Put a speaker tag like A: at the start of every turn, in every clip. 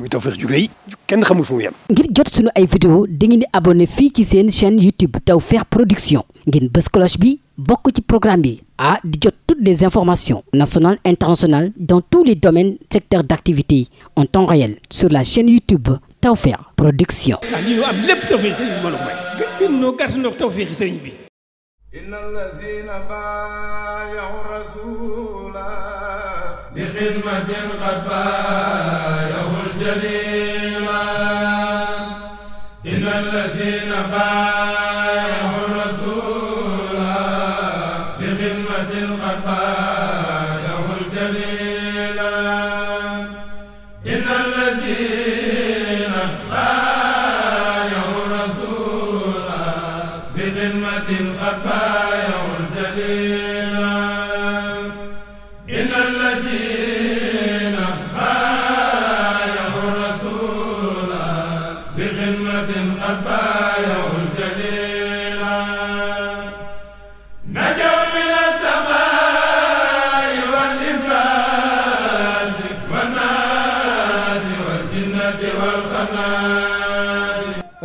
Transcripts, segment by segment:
A: muy Tawfekh ju rëy kenn xamul fu mu ngir jot sunu ay vidéo dangeen di abonné fii ci seen chaîne YouTube Tawfekh Production ngeen bës cloche bi bokk ci programme bi ah di jot toutes les informations nationales internationales dans tous les domaines secteurs d'activité en temps réel sur la chaîne YouTube Tawfekh Production. ah lii ñu am lépp Tawfekh sëriñ bi mbooloo mooy. gën gën ñoo gàtt ñoo Tawfekh sëriñ bi. inna allazina
B: baayahu bi جليلا إن الذين بايعوا الرسول بخدمة قد بايعوا الجليلا إن الذين بايعوا الرسول بخدمة قد بايعوا الجليلا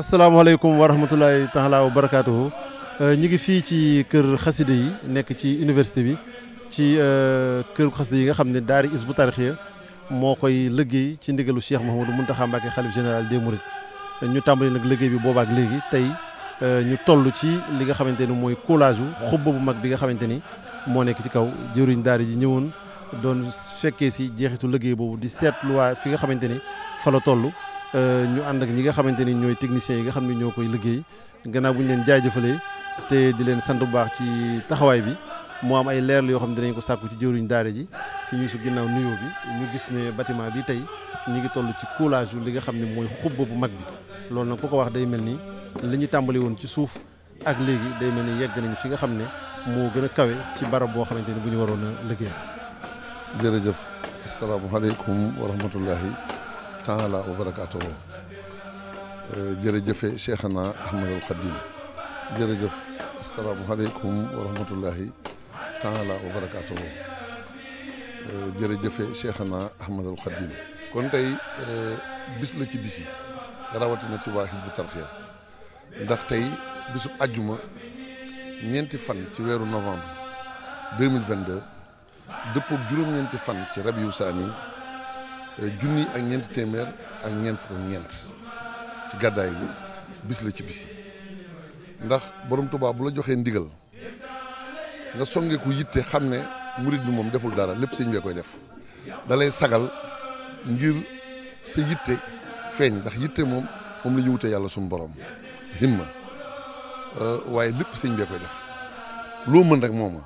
B: asalaamaaleykum wa rahmatulahi taala wa barakaatuhu euh, ñu ngi fii ci kër xasida yi nekk ci université bi ci euh, kër xasida yi nga xam ne daari is bu tarxiya moo koy liggéey ci ndigalu Cheikh Mouhamadou Mountakha Mbacké xalif général des Mourides ñu tàmbali nag liggéey bi boobaak léegi tey euh, ñu toll ci li nga xamante ni mooy collage u bu mag bi nga xamante ni moo nekk ci kaw jëriñ daari ji ñëwoon doon fekkee si jeexitu liggéey boobu di seetluwaa fi nga xamante ni fa la toll Euh, ñu ànd ak ñi nga xamante ni ñooy techniciens yi nga xam ne ñoo koy liggéey gannaaw bu ñu leen jëfalee te di leen sant bu baax ci taxawaay bi moo am ay leerlu yoo xam ne dinañ ko sàkku ci jëwriñ daara ji si ginnaaw nuyoo bi ñu gis ne bâtiment bi tey ñu ngi toll ci coulage yu li nga xam ne mooy xubba bu mag loolu nag ku ko wax day mel ni li ñu tàmbali woon ci suuf ak léegi day mel ni yegg nañ fi nga xam ne moo gën a kawe ci barab boo xamante ni bu ñu waroon a
A: liggéey jërëjëf asalaamaaleykum wa rahmatullahi taala wa barakaatu eh, jërëjëfe Cheikhana Ahmadul Khadim jërëjëf asalaamualeykum wa rahmatullahi taala wa barakaatu eh, jërëjëfe Cheikhana Ahmadul Khadim kon tey eh, bis la ci bis yi rawatina ci waa Hizbut Tarqiyyah ndax tey bisu àjjuma ñeenti fan ci weeru novembre 2022 dëppook juróom-ñeenti fan ci Rabiu Saani Euh, junni ak ñeenti téeméer ak ñeent fukk ñeent ci gàddaay gi bis la ci bis yi ndax borom tubaab bu la joxee ndigal nga songeeku ku yitte xam ne murit bi moom deful dara lépp sëñ bee koy def dalay sagal ngir sa yitte feeñ ndax yitte moom moom la ñu wutee yàlla suñu borom himma euh, waaye lépp sëñ bee koy def loo mën rek mooma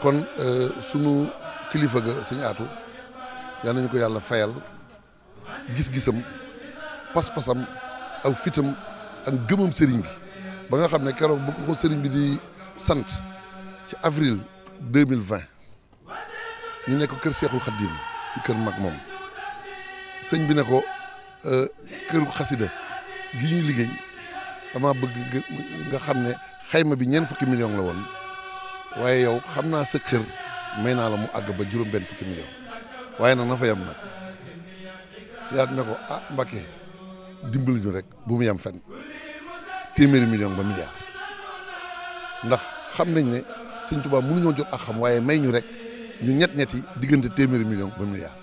A: kon euh, sunu kilifa ga sëñ aatu yal nañ ko yàlla fayal gis-gisam pas-pasam ak fitam ak gëmam sëriñ bi ba nga xam ne keroog bu ko sëriñ bi di sant ci avril deux mille vingt ñu nekk kër Seexul Xaddim di kër mag moom sëñ bi ne ko euh, këru xasida gi ñuy liggéey dama bëgg nga xam ne xayma bi ñeen fukki million la woon waaye yow xam naa sa xër may naa la mu àgg ba juróom benn fukki million waaye nag na fa yem nag siyaat ne ko ah Mbakke dimbali ñu rek bu mu yem fenn téeméeri million ba milliard ndax xam nañ ne Sëñ Tuubaa ñoo jot ak xam waaye may ñu rek ñu ñett ñett diggante téeméeri million ba milliard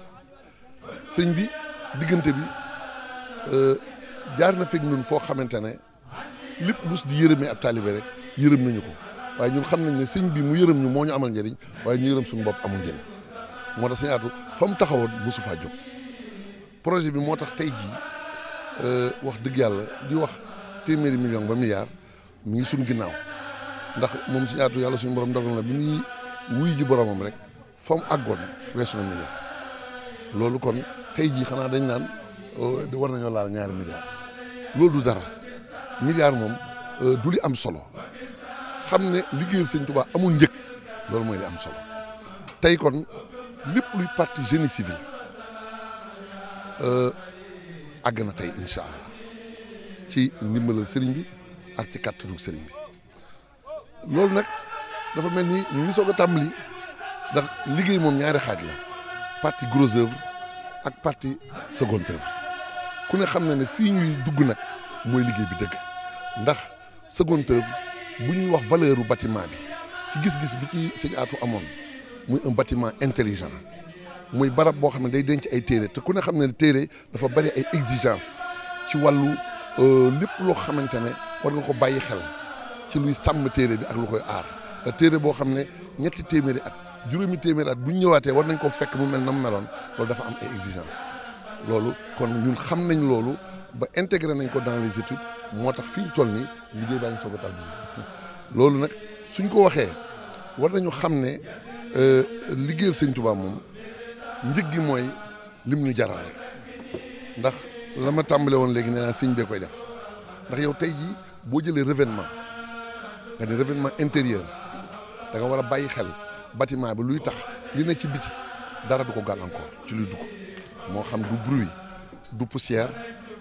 A: sëñ bi diggante bi euh, jaar na fekk ñun foo xamante ne lépp lus di yërëmee ab taalibe rek yërëm nañu ko waaye ñun xam nañ ne sëñ bi mu yërëm ñu moo ñu amal njëriñ waaye ñu yërëm suñu bopp amu njëriñ moo tax Sëñ Atou fa mu taxawoon mosu faa jóg projet bi moo tax tey jii euh, wax dëgg yàlla di wax téeméeri million ba milliard mu ngi suñ ginnaaw ndax moom Sëñ yàlla suñ borom dogal na bi muy wuy ji boromam rek fa mu àggoon weesu na milliard loolu kon tey jii xanaa dañ naan euh, war nañoo laal ñaari milliard loolu du dara milliard moom euh, du li am solo xam ne liggéeyal Sëñ Tuubaa amul njëg loolu mooy li am solo tey kon lépp luy parti génie civil euh, àgg na tey incha allah ci ndimbalal sëriñ bi ak ci kàttanu sëriñ bi loolu nag dafa mel ni ñu ngi soog a tàmbali ndax liggéey moom ñaari xaaj la partie gros ak partie seconde œuvre ku ne xam ne ne fii ñuy dugg nag mooy liggéey bi dëgg ndax seconde œuvre bu ñuy wax valeur u bâtiment bi ci gis-gis bi ci sëñ Atou amoon muy un bâtiment intelligent muy barab boo xam ne day denc ay téere te ku ne xam ne téere dafa bari ay exigence ci wàllu euh, lépp loo xamante ne war nga ko bàyyi xel ci luy sàmm téere bi ak lu koy aar te téere boo xam ne ñetti téeméeri at juróomi téeméeri at bu ñëwaatee war nañ ko fekk mu mel na mu meloon loolu dafa am ay exigence loolu kon ñun xam nañ loolu ba intégré nañ ko dans les études moo tax fii ñu toll nii liggéey baa ngi soog a tàmbali loolu nag suñ ko waxee war nañu xam ne Euh, liggéeyal sëñ Tuubaa moom njëg gi mooy lim ñu jaral rek ndax la ma tàmbale woon léegi nee naa sëñ bee koy def ndax yow tey jii boo jëlee revêtement nga ne revêtement intérieur danga war a bàyyi xel bâtiment bi luy tax li ne ci biti dara du ko gàllankoor ci luy dugg moo xam du bruit du poussière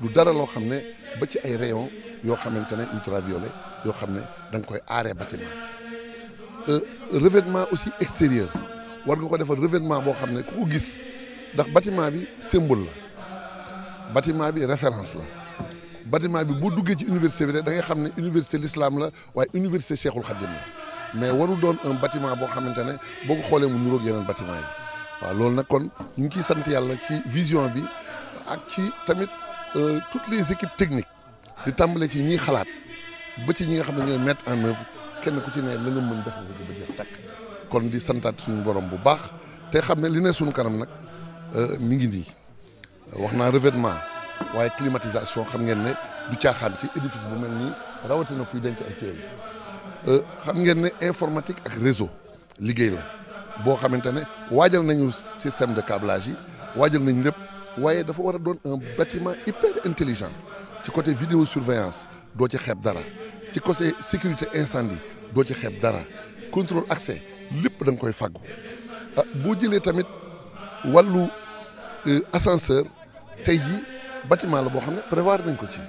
A: du dara loo xam ne ba ci ay rayon yoo xamante ne ultraviolet yoo xam ne da koy aaree bâtiment Euh, revêtement aussi extérieur war nga ko defal revêtement boo xam ne ku ko gis ndax batiment bi symbole la batiment bi référence la bâtiment bi boo duggee ci université bi rek da ngay xam ne université l'islam la waaye université Cheikhul Khadim la mais waru doon un bâtiment boo xamante ne boo ko xoolee mu niroog yeneen batiment yi waaw loolu nag kon ñu ngi ciy sant yàlla ci vision bi ak ci tamit euh, toutes les équipes techniques di tàmbale ci ñiy xalaat ba ci ñi nga xam ne ñooy en œuvre kenn ku ci ne la nga mën def nga ko ci ba jeex takk kon di santaat suñu borom bu baax te xam ne li ne suñu kanam nag euh, mi ngi nii wax naa revêtement waaye climatisation xam ngeen ne du caaxaan ci édifice bu mel nii rawatina fuy denc ay téere euh, xam ngeen ne informatique ak réseau liggéey la boo xamante ne waajal nañu système de câblage yi waajal nañ lépp waaye dafa war a doon un bâtiment hyper intelligent ci côté vidéo surveillance doo ci xeeb dara ci côté sécurité incendie doo ci xeeb dara contrôle accès lépp da koy fàggu ah boo jëlee tamit wallu euh, ascenseur tey jii batiment la boo xam ne prévoir nañ ko ci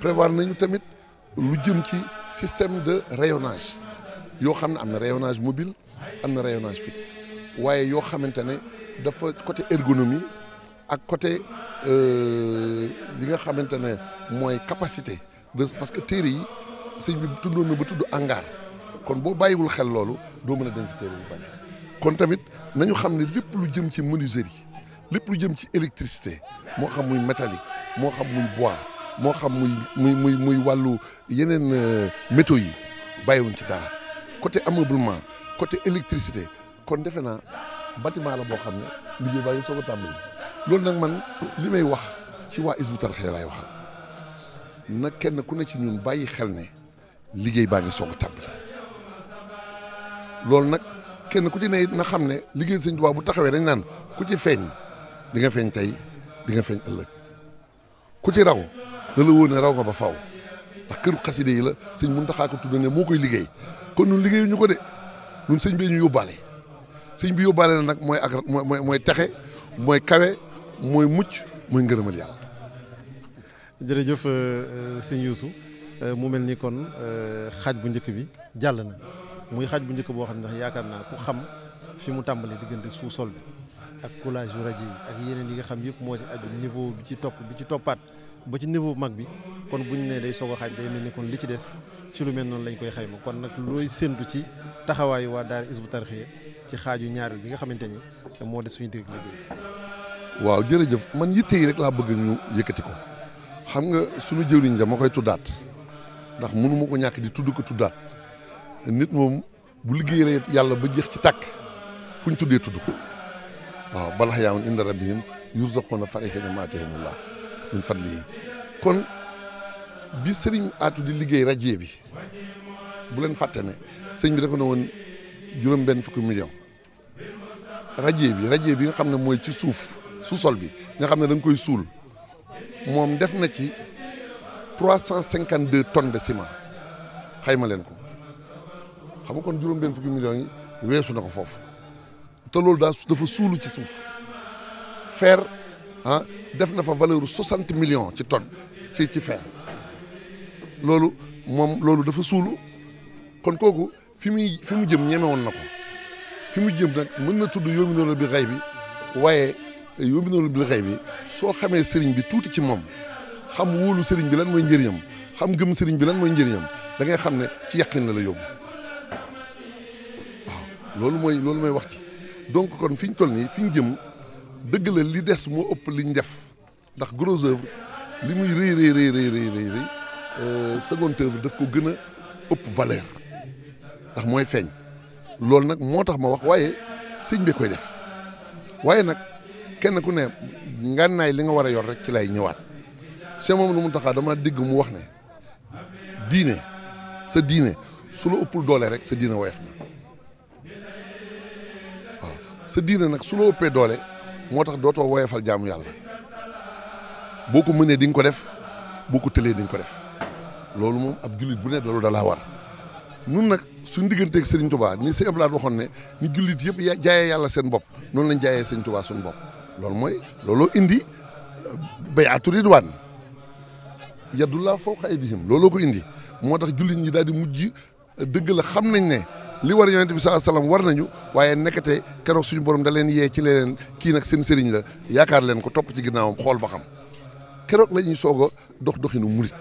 A: prévoir nañu tamit lu jëm ci système de rayonnage yoo xam ne am na rayonnage mobile am na rayonnage fixe waaye yoo xamante ne dafa côté ergonomie ak côté euh, li nga xamante ne mooy capacité de parce que téere yi sëñ bi tuddoon na ba tudd angaar kon boo bàyyiwul xel loolu doo mën a denc téere yu bari kon tamit nañu xam ne lépp lu jëm ci menuiserie lépp lu jëm ci électricité moo xam muy métallique moo xam muy bois moo xam muy muy muy muy wàllu yeneen euh, métaux yi bàyyiwuñ ci dara côté ameublement côté électricité kon defe naa bâtiment la boo xam ne liggéey baa ngi soog a loolu nag man li may wax ci waa Hizbut Tarqiyyah wax waxal na kenn ku ne ci ñun bàyyi xel ne liggéey baa ngi soog a tàmbali loolu nag kenn ku ci ne na xam ne liggéey sëñ Tuubaa bu taxawee dañ naan ku ci feeñ di nga feeñ tey di nga feeñ ëllëg ku ci raw na la wóor ne raw nga ba faw ndax këru xaside yi la sëñ mun ko tudd ne moo koy liggéey kon ñun liggéeyu ñu ko de ñun sëñ bi ñu yóbbaale sëñ bi yóbbaale nag mooy ak mooy mooy texe mooy kawe mooy mucc mooy ngërëmal yàlla jërëjëf euh, sëñ Youssou Euh, mu mel ni kon euh,
B: xaaj bu njëkk bi jàll na muy xaaj bu njëkk boo xam ne yaakaar naa ku xam fi mu tàmbalee diggante sous-sol bi ak coulage yu rajo yi ak yeneen yi nga xam yëpp moo ci niveau bi ci topp bi ci toppaat ba ci niveau mag bi kon bu ñu nee day soog xaaj day mel ni li ci des ci lu mel noonu lañ koy xayma kon nag looy séntu ci taxawaayu waa daara Hizbut Tarqiyyah ci xaaju ñaareel bi nga xamante ni moo des suñu dégg
A: waaw jërëjëf man yitte rek laa bëgg ñu yëkkati xam nga suñu jëwriñ ja ma koy tuddaat ndax mënu ko ñàkk di tudd ko tuddaat nit moom bu liggéeyee yàlla ba jeex ci tàkk fu ñu tuddee tudd ko waaw balax yaamun inda rabbihim yurzaquna farihiina bimaa aataahumullah min fadlihi kon bi sëriñ aatu di liggéey rajo bi bu leen fàtte ne sëñ bi da ko ne woon juróom benn fukki million rajo bi rajo bi nga xam ne mooy ci suuf sous-sol bi nga xam ne da koy suul moom def na ci trois cent cinquante deux tonnes de ciment xayma leen ko xam nga kon juróom-benn fukki millions weesu na ko foofu te loolu daa dafa suulu ci suuf fer ah def na fa valeur soixante million ci tonne ci ci fer loolu moom loolu dafa suulu kon kooku fi muy fi mu jëm ñeme woon na ko fi mu jëm nag mën na tudd yóomi noonu bi xay bi waaye yóomi noonu bi xay bi soo xamee sëriñ bi tuuti ci moom xam wóolu sëriñ bi lan mooy njëriñam xam gëm sëriñ bi lan mooy njëriñam da ngay xam ne ci yàqin la la yóbbu waaw loolu mooy loolu mooy wax ci donc kon fi ñu toll nii fi ñu jëm dëgg la li des moo ëpp li ñu def ndax gros œuvre li muy rëy rëy rëy rëy rëy euh, daf ko gën a ëpp valeur ndax mooy feeñ loolu nag moo tax ma wax waaye sëñ bi koy def waaye nag kenn ku ne ngànnaay li nga war a yor rek ci lay ñëwaat. moom Cheikh Mamadou Mountakha dama dégg mu wax ne diine sa diine su la doole rek sa diine woyof na waaw sa diine nag su la ëppee doole moo tax dootoo woyofal jaamu yàlla boo ko mënee di ko def boo ko tëlee di ko def loolu moom ab jullit bu ne loolu da laa war nun nag suñu digganteeg Serigne Touba ni Serigne Abdoulaye waxoon ne ni jullit yëpp jaayee yàlla seen bopp noonu lañ jaayee Serigne Touba suñu bopp loolu mooy looloo indi euh, bayaatu ridwaan yadullah fawqa aydihim looloo ko indi moo tax jullit ñi daal di mujj dëgg la xam nañ ne li war yonent bi saa salaam war nañu waaye nekkate keroog suñu borom da leen yee ci leneen kii nag seen sëriñ la yaakaar leen ko topp ci ginnaawam xool ba xam keroog la ñuy soog a dox doxinu murit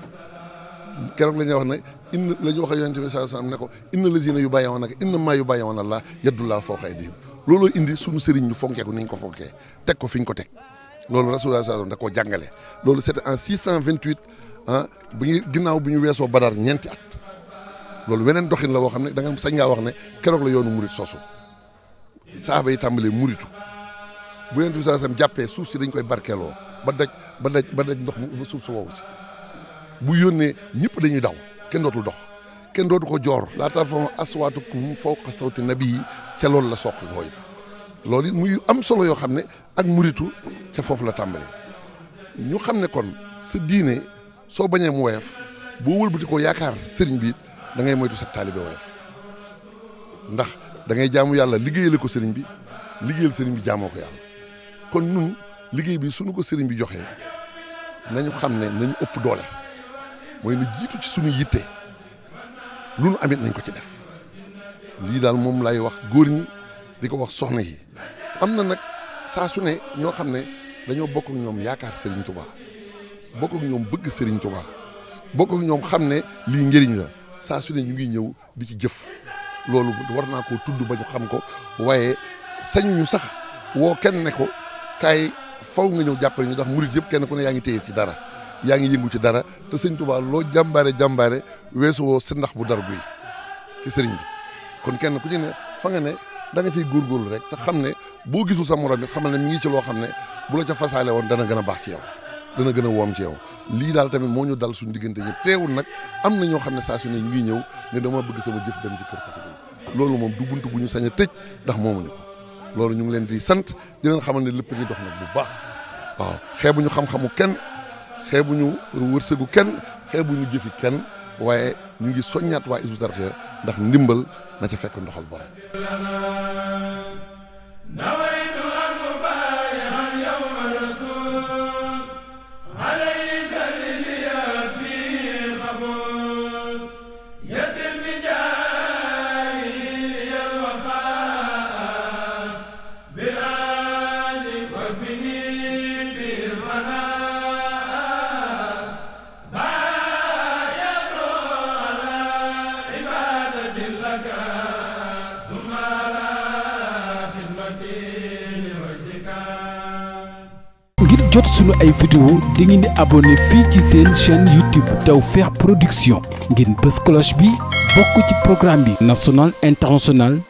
A: keroog la ñuy wax ne inn la ñu wax ak yonent bi saa salaam ko inna lazina yu bàyyi woon ak inna maa yu bàyyi woon allah yadullah fawqa aydihim looloo indi suñu sëriñ ñu fonkee ko ni ñu ko fonkee teg ko fi ñu ko teg loolu Rasulullah sallallahu alayhi wasallam da koo jàngale loolu c'était en 628 ah bu ñu ginnaaw bu ñu weesoo Badar ñeenti at loolu weneen doxin la woo xam ne da nga sañ ngaa wax ne keroog la yoonu murit sosu saaba yi tàmbalee muritu bu yonent bi sallallahu alayhi wasallam jàppee suuf si dañ koy barkeeloo ba daj ba daj ba daj ndox mu suuf si woowu si bu yónnee ñëpp dañuy daw kenn dootul dox kenn dootu ko joor laa tarfa'u aswaatakum fawqa sawti nabii ca loolu la soq gooy loolu muy am solo yoo xam ne ak muritu ca foofu la tàmbalee ñu xam ne kon si diine soo bañee mu woyof boo wëlbati ko yaakaar sëriñ bi it da ngay moytu sa taalibe woyof ndax da jaamu yàlla liggéeyale ko sëriñ bi liggéeyal sëriñ bi jaamoo ko yàlla kon nun liggéey bi suñu ko sëriñ bi joxee nañu xam ne nañu ëpp doole mooy na jiitu ci suñu yitte lu nu amit nañ ko ci def lii daal moom lay wax góor ñi di ko wax soxna yi am na nag saa su ne ñoo xam ne dañoo bokk ñoom yaakaar Serigne Touba bokk ñoom bëgg sëriñ Touba bokk ñoom xam ne lii njëriñ la saa su ne ñu ngi ñëw di ci jëf loolu war naa koo tudd ba ñu xam ko waaye sañuñu sax woo kenn ne ko kaay faw nga ñëw jàppale ñu ndax murit yëpp kenn ku ne yaa ngi téye ci dara yaa ngi yëngu ci dara te Serigne Touba loo jàmbaare jàmbaare weesu woo si bu dara guy ci Serigne bi kon kenn ku ci ne ne. danga nga ciy góorgóorlu rek te xam ne boo gisu sa morom bi xamal ne mi ngi ci loo xam ne bu la ca fasaale woon dana gën a baax ci yow dana gën a woom ci yow lii daal tamit moo ñu dal suñu diggante ñëpp teewul nag am na ñoo xam ne saa su ne ngi ñëw ne dama bëgg sama jëf dem ci kër xasida loolu moom du bunt bu ñu sañ a tëj ndax moomuñu ko loolu ñu ngi leen di sant di leen xamal ne lépp ñu dox nag bu baax waaw ñu xam-xamu kenn xeebuñu wërsëgu kenn xeebuñu jëfi kenn waaye ñu ngi soññaat waa Hizbut Tarqiyyah ndax ndimbal na ca fekk ndoxal borom
B: jot suñu ay vidéo da ngeen di abonné fii ci seen chaîne YouTube Tawfekh Production ngeen bës cloche bi bokk ci programme bi national international